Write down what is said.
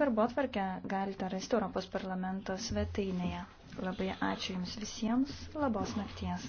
Darbo atvarkę galite rasti Europos parlamento svetainėje. Labai ačiū Jums visiems, labos nakties.